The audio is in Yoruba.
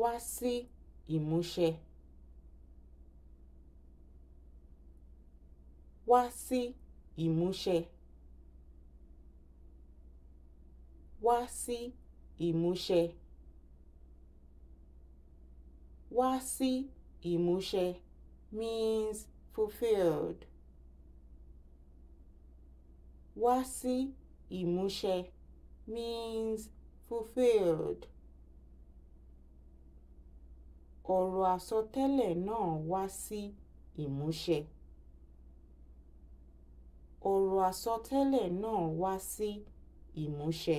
wá sí ìmúṣẹ. wá sí ìmúṣẹ. wá sí ìmúṣẹ. wá sí ìmúṣẹ means fulfilled. wá sí ìmúṣẹ means fulfilled ọ̀rọ̀ àsọtẹ́lẹ̀ náà wá sí ìmúṣẹ. ọ̀rọ̀ àsọtẹ́lẹ̀ náà wá sí ìmúṣẹ.